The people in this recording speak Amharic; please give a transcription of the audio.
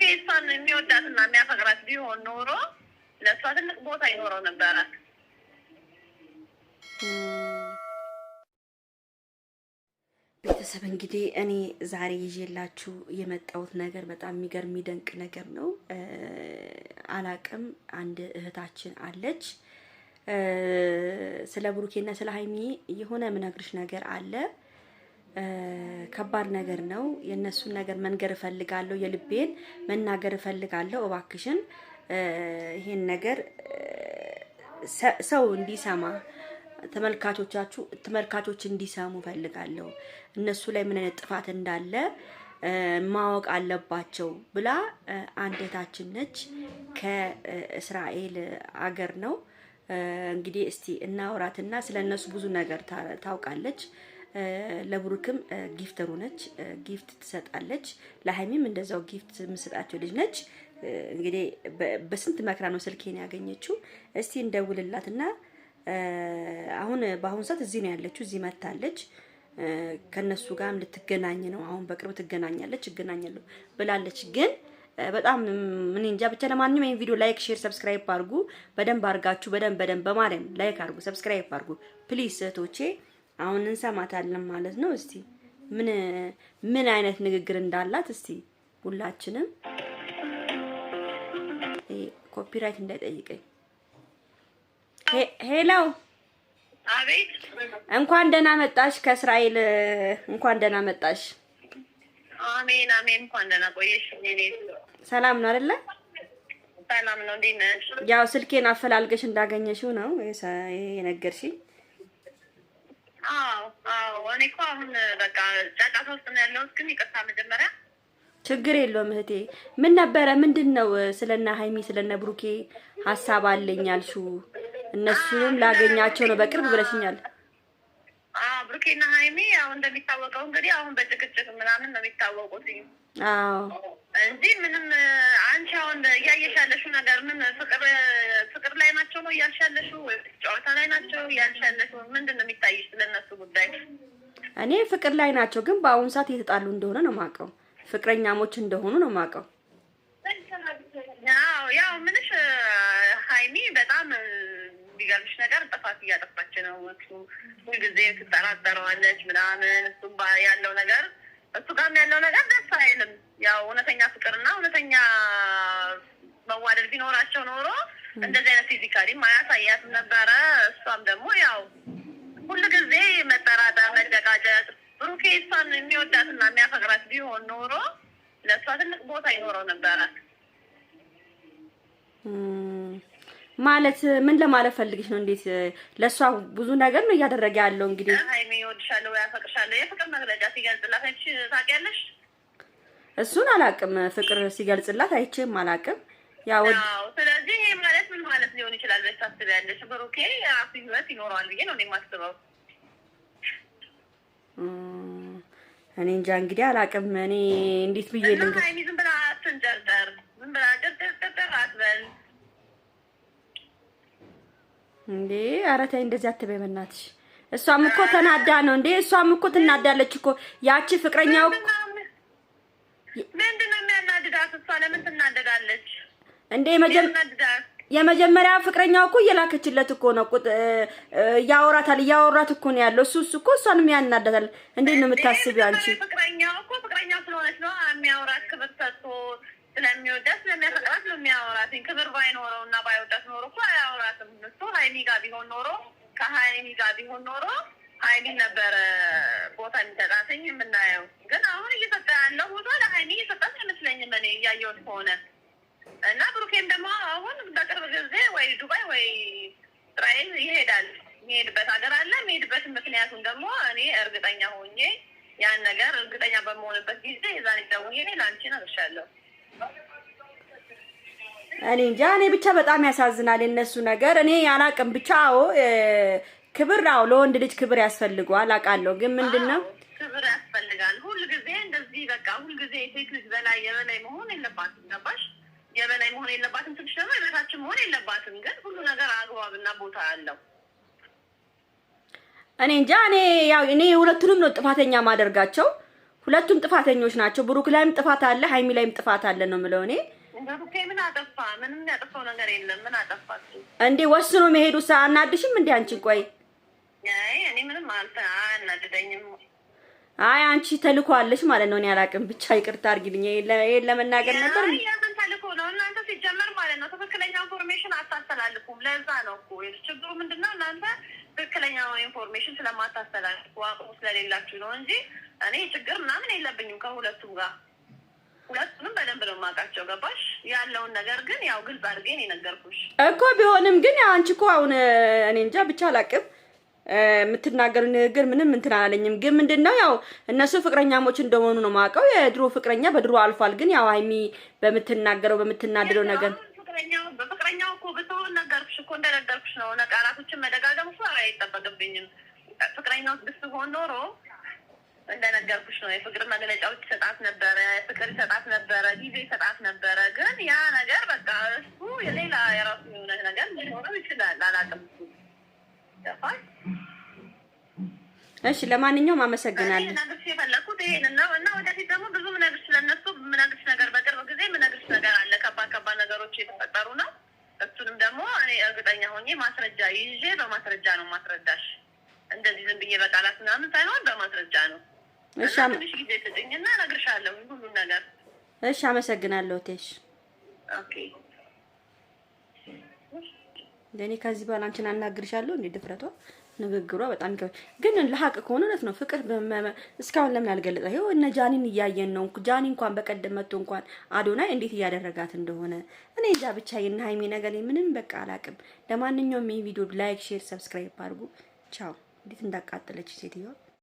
ብሩኬ እሷን የሚወዳትና የሚያፈቅራት ቢሆን ኖሮ ለእሷ ትልቅ ቦታ ይኖረው ነበረ። ቤተሰብ እንግዲህ እኔ ዛሬ ይዤላችሁ የመጣሁት ነገር በጣም የሚገርም የሚደንቅ ነገር ነው። አላቅም አንድ እህታችን አለች። ስለ ብሩኬና ስለ ሀይሚ የሆነ የምነግርሽ ነገር አለ ከባድ ነገር ነው። የእነሱን ነገር መንገር እፈልጋለሁ፣ የልቤን መናገር እፈልጋለሁ። እባክሽን ይሄን ነገር ሰው እንዲሰማ ተመልካቾቻችሁ ተመልካቾች እንዲሰሙ እፈልጋለሁ። እነሱ ላይ ምን አይነት ጥፋት እንዳለ ማወቅ አለባቸው ብላ አንድ እህታችን ነች። ከእስራኤል አገር ነው እንግዲህ። እስቲ እናውራትና ስለ እነሱ ብዙ ነገር ታውቃለች። ለብሩክም ጊፍተሩ ነች፣ ጊፍት ትሰጣለች። ለሀይሚም እንደዛው ጊፍት የምሰጣቸው ልጅ ነች። እንግዲህ በስንት መከራ ነው ስልኬን ያገኘችው። እስቲ እንደውልላትና አሁን በአሁኑ ሰዓት እዚህ ነው ያለችው፣ እዚህ መታለች። ከነሱ ጋርም ልትገናኝ ነው አሁን በቅርብ ትገናኛለች፣ እገናኛለሁ ብላለች ግን በጣም ምን እንጃ ብቻ። ለማንኛውም ይሄን ቪዲዮ ላይክ፣ ሼር፣ ሰብስክራይብ አድርጉ። በደንብ አድርጋችሁ በደንብ በደንብ በማርያም ላይክ አድርጉ፣ ሰብስክራይብ አድርጉ ፕሊዝ እህቶቼ። አሁን እንሰማታለን ማለት ነው። እስቲ ምን ምን አይነት ንግግር እንዳላት እስቲ ሁላችንም ኮፒራይት እንዳይጠይቀኝ። ሄሎ፣ አቤት። እንኳን ደህና መጣሽ ከእስራኤል እንኳን ደህና መጣሽ። አሜን አሜን። እንኳን ደህና ቆየሽ። ሰላም ነው አይደለ? ሰላም ነው። እንዴት ነሽ? ያው ስልኬን አፈላልገሽ እንዳገኘሽው ነው የነገርሽኝ። እኔ እኮ አሁን በቃ ጫጫታ ውስጥ ነው ያለሁት፣ ግን ይቅርታ መጀመሪያ። ችግር የለውም እህቴ። ምን ነበረ? ምንድን ነው ስለነ ሀይሚ ስለነ ብሩኬ ሀሳብ አለኝ አልሽው። እነሱንም ላገኛቸው ነው በቅርብ ብለሽኛል። ብሩኬና ሀይሚ ያው እንደሚታወቀው እንግዲህ አሁን በጭቅጭቅ ምናምን ነው የሚታወቁት። አዎ እዚህ ምንም አንቺ አሁን እያየሽ ያለሽው ነገር ምን ፍቅር ፍቅር ላይ ናቸው ነው እያልሽ ያለሽው? ጨዋታ ላይ ናቸው እያልሽ ያለሽው? ምንድን ነው የሚታይሽ ስለእነሱ ጉዳይ? እኔ ፍቅር ላይ ናቸው፣ ግን በአሁኑ ሰዓት እየተጣሉ እንደሆነ ነው የማውቀው። ፍቅረኛሞች እንደሆኑ ነው የማውቀው። ያው ምንሽ ሀይሚ በጣም የሚገርምሽ ነገር ጥፋት እያጠፋች ነው። እሱ ሁልጊዜ ትጠራጠረዋለች ምናምን። እሱም ያለው ነገር እሱ ጋርም ያለው ነገር ደስ አይልም። ያው እውነተኛ ፍቅርና እውነተኛ መዋደድ ቢኖራቸው ኖሮ እንደዚህ አይነት ፊዚካሊ አያሳያትም ነበረ። እሷም ደግሞ ያው ሁሉ ጊዜ መጠራጠር፣ መደጋጀት ብሩኬ እሷን የሚወዳትና የሚያፈቅራት ቢሆን ኖሮ ለእሷ ትልቅ ቦታ ይኖረው ነበረ። ማለት ምን ለማለት ፈልግሽ ነው? እንዴት ለእሷ ብዙ ነገር ነው እያደረገ ያለው። እንግዲህ ሀይሚ እወድሻለሁ፣ ያፈቅርሻለሁ የፍቅር መግለጫ ሲገልጽላት ታውቂያለሽ እሱን አላቅም። ፍቅር ሲገልጽላት አይቼም አላቅም። ያው ስለዚህ ይሄ ማለት ምን ማለት ሊሆን ይችላል ብለሽ ታስቢያለሽ? ብሩኬ የራሱ ህይወት ይኖረዋል ብዬ ነው የማስበው። እኔ እንጃ እንግዲህ አላቅም። እኔ እንዴት ብዬ ልንገ ዝም ብላ አትንጨርጨር፣ ዝም ብላ ደርደርደርደር አትበል እንዴ! ኧረ ተይ እንደዚህ አትበይ በእናትሽ። እሷም እኮ ተናዳ ነው እንዴ! እሷም እኮ ትናዳለች እኮ ያቺ ፍቅረኛው ምንድነው የሚያናድዳት? እሷ ለምን ትናደዳለች እንዴ? የመጀመሪያ ፍቅረኛው እኮ እየላከችለት እኮ ነው። እያወራታል እያወራት እኮ ነው ያለው። እሱ እሱ እኮ እሷንም ያናዳታል። እንዴት ነው የምታስቢው አንቺ? ፍቅረኛው እኮ ፍቅረኛው ስለሆነች ነው የሚያወራት። ክብር ሰጥቶ ስለሚወዳት ስለሚያፈቅራት ነው የሚያወራት። ክብር ባይኖረው እና ባይወዳት ኖሮ እኮ አያወራትም። እሱ ሀይሚ ጋር ቢሆን ኖሮ ከሀይሚ ጋር ቢሆን ኖሮ ሀይሊ ነበረ ቦታ የሚሰጣትኝ የምናየው። ግን አሁን እየሰጠ ያለው ቦታ ለሀይሊ እየሰጣት አይመስለኝም እኔ እያየሁት ከሆነ እና ብሩኬም ደግሞ አሁን በቅርብ ጊዜ ወይ ዱባይ ወይ እስራኤል ይሄዳል። የሚሄድበት ሀገር አለ። የሚሄድበት ምክንያቱም ደግሞ እኔ እርግጠኛ ሆኜ ያን ነገር እርግጠኛ በመሆንበት ጊዜ የዛን ደውዬ ለአንቺ ነግርሻለሁ። እኔ እንጃ እኔ ብቻ በጣም ያሳዝናል የነሱ ነገር። እኔ አላቅም ብቻ ክብር አዎ፣ ለወንድ ልጅ ክብር ያስፈልገዋል አውቃለሁ። ግን ምንድን ነው ክብር ያስፈልጋል። ሁል ጊዜ እንደዚህ በቃ ሁል ጊዜ የሴት ልጅ በላይ የበላይ መሆን የለባትም። ገባሽ? የበላይ መሆን የለባትም። ትንሽ ደግሞ የበታችን መሆን የለባትም። ግን ሁሉ ነገር አግባብና ቦታ አለው። እኔ እንጃ እኔ ያው እኔ ሁለቱንም ነው ጥፋተኛ ማደርጋቸው። ሁለቱም ጥፋተኞች ናቸው። ብሩክ ላይም ጥፋት አለ፣ ሀይሚ ላይም ጥፋት አለ ነው የምለው እኔ ብሩኬ ምን አጠፋ? ምንም ያጠፋው ነገር የለም። ምን አጠፋ እንዴ? ወስኖ መሄዱ አናድሽም እንዴ አንቺ ቆይ እኔ ምንም አናደደኝም። አይ አንቺ ተልኮ አለሽ ማለት ነው። እኔ አላውቅም፣ ብቻ ይቅርታ አድርጊልኝ። ይሄን ለመናገር ነበር። ያንን ተልኮ ነው እናንተ ሲጀመር ማለት ነው። ትክክለኛ ኢንፎርሜሽን አታስተላልፉም። ለዛ ነው እኮ ችግሩ። ምንድነው እናንተ ትክክለኛ ኢንፎርሜሽን ስለማታስተላልፉ አቅሙ ስለሌላችሁ ነው እንጂ እኔ ችግር ምናምን የለብኝም ከሁለቱም ጋር ሁለቱንም በደንብ ነው የማውቃቸው። ገባሽ? ያለውን ነገር ግን ያው ግልጽ አድርጌ ነው የነገርኩሽ እኮ ቢሆንም ግን አንቺ እኮ አሁን እኔ እንጃ ብቻ አላውቅም የምትናገሩ ንግግር ምንም እንትን አላለኝም። ግን ምንድን ነው ያው እነሱ ፍቅረኛሞች እንደሆኑ ነው ማውቀው። የድሮ ፍቅረኛ በድሮ አልፏል። ግን ያው ሀይሚ በምትናገረው በምትናደደው ነገር በፍቅረኛው እኮ ብትሆን ነገርኩሽ እኮ እንደነገርኩሽ ነው። ነቃራቶችን መደጋገም እኮ አይጠበቅብኝም። ፍቅረኛው ብትሆን ኖሮ እንደነገርኩሽ ነው። የፍቅር መግለጫዎች ይሰጣት ነበረ፣ ፍቅር ይሰጣት ነበረ፣ ጊዜ ይሰጣት ነበረ። ግን ያ ነገር በቃ እሱ የሌላ የራሱ የሆነ ነገር ሊኖረው ይችላል። አላውቅም እሺ ለማንኛውም አመሰግናለሁ። ነግርሽ የፈለኩት ይሄንን ነው እና ወደፊት ደግሞ ብዙ ምነግርሽ ስለነሱ ምነግርሽ ነገር በቅርብ ጊዜ ምነግርሽ ነገር አለ። ከባድ ከባድ ነገሮች የተፈጠሩ ነው። እሱንም ደግሞ እኔ እርግጠኛ ሆኜ ማስረጃ ይዤ በማስረጃ ነው ማስረዳሽ። እንደዚህ ዝም ብዬ በቃላት ምናምን ሳይሆን በማስረጃ ነው። ትንሽ ጊዜ ስጭኝና እነግርሻለሁ ሁሉን ነገር። እሺ አመሰግናለሁ። ቴሽ ኦኬ ለእኔ ከዚህ በኋላ አንቺን አናግርሻለሁ። እንዴ ድፍረቷ ንግግሯ በጣም ይከብ። ግን ለሀቅ ከሆነ እውነት ነው። ፍቅር እስካሁን ለምን አልገለጸ? ይኸው እነ ጃኒን እያየን ነው። ጃኒ እንኳን በቀደም መጥቶ እንኳን አዶናይ እንዴት እያደረጋት እንደሆነ እኔ እዛ ብቻ የነ ሀይሜ ነገር ምንም በቃ አላቅም። ለማንኛውም ይህ ቪዲዮ ላይክ፣ ሼር፣ ሰብስክራይብ አድርጉ። ቻው። እንዴት እንዳቃጠለች ሴትዮዋ